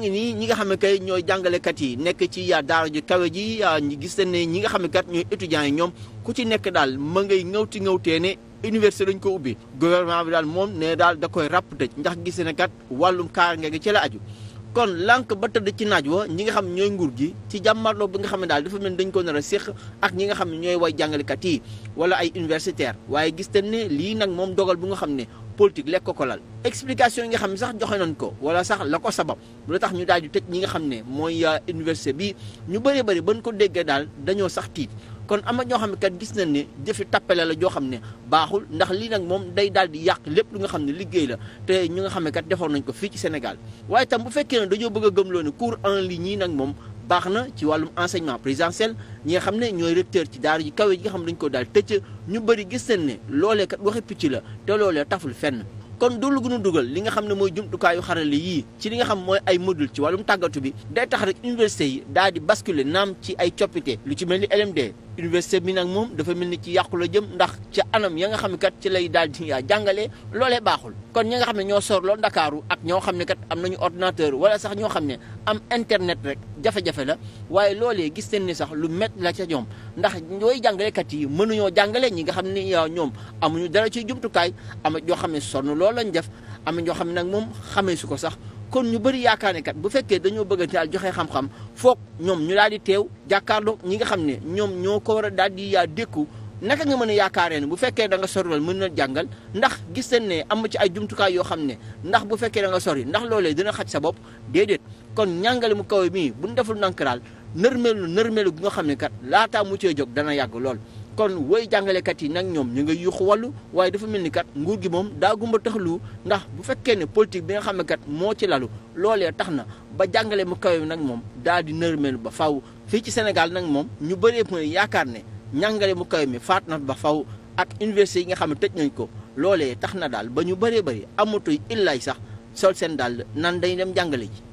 ngi nii ñi nga xam ne kay ñooy jàngalekat yi nekk ci daara ju kawe ji gis nañ ne ñi nga xam ne kat ñooy étudiants yi ñoom ku ci nekk daal ma ngay ŋawti ŋawtee ne université lañ ko ubbi gouvernement bi daal moom ne daal da koy ràpp tëj ndax gis ne kat wàllum kaaraange gi ci la kon lànk ba tëdd ci naaj wa ñi nga xam ñooy nguur gi ci jàmmarloo bi nga xam daal dafa mel dañ ko nar a séq ak ñi nga xam ne ñooy way jàngalekat yi wala ay universitaire waaye gis nañ ne lii nag moom dogal bu nga xam ne politique lekk ko lal explication yi nga xam ne sax joxe nañ ko wala sax la ko sabab lu tax ñu daal di tëj ñi nga xam ne mooy euh, université bi ñu bëree bëri bañ ko déggee daal dañoo sax tiit kon ama ñoo xam gis nañ ne jëfi tappale la joo xam ne baaxul ndax lii nag moom day daal di yàq lépp lu nga xam ne liggéey la te ñu nga xam ne defoon nañ ko fii ci Sénégal waaye tam bu fekkee ne dañoo bëgg a gëmloo ne cours en ligne yi nag moom baax na ci wàllum enseignement présentiel ñi nga xam ne ñooy recteur ci daara ji kawe ji nga xam ne dañu ko daal tëcc ñu bëri gis nañ ne loole kat waxe picc la te loolee taful fenn kon dul gu nu dugal li nga xam ne mooy jumtukaayu xarale yii ci li nga xam mooy ay module ci wàllum tàggatu bi day tax rek université yi daal di basculer naam ci ay coppite lu ci mel ni LMD université mi nag moom dafa mel ni ci yàqu jëm ndax ca anam ya nga xam ne kat ci lay daal di yaa jàngalee loolee baaxul kon ña nga xam ne ñoo sorloo Ndakaaru ak ñoo xam ne kat am nañu ordinateur wala sax ñoo xam ne am internet rek jafe-jafe la waaye lool loolee gis nañ ni sax lu met la ca ñoom ndax ñooy jàngalekat yi mënuñoo jàngale ñi nga xam ne ñoom amuñu dara ci jumtukaay am ñoo xam ne sonn loolu lañ def am ñoo xam ne nag moom xamee su ko sax kon ñu bëri yaakaar ne kat bu fekkee dañoo bëgg a daal joxe xam-xam foog ñoom ñu daal di teew jàkkaarloo ñi nga xam ne ñoom ñoo ko war daal di yaa dékku naka nga mën a yaakaaree ne bu fekkee danga nga soriwul mën na jàngal ndax gis nañ ne am ci ay jumtukaay yoo xam ne ndax bu fekkee da nga sori ndax loolee dina xaj sa bopp déedéet kon ñàngale mu kaw mii bu ñu deful nank daal nërmeelu nërmeelu bu nga xam ne kat laataa mu cee jóg dana yàgg lool kon woy jàngalekat yi nag ñoom ñu nga yuuxu wallu waaye dafa mel ni kat nguur gi moom daa gumba taxlu ndax bu fekkee ne politique bi nga xam kat moo ci lalu loolee tax na ba jàngale mu kawe nag moom daal di nërmeel ba faw fii ci Sénégal nag moom ñu bëree mooy yaakaar ne njàngale mu kawe mi faat na ba faw ak université yi nga xam ne tëj nañ ko loolee tax na daal ba ñu bëree bëri amatu illaay sax sol seen daal nan dañu dem jàngale ji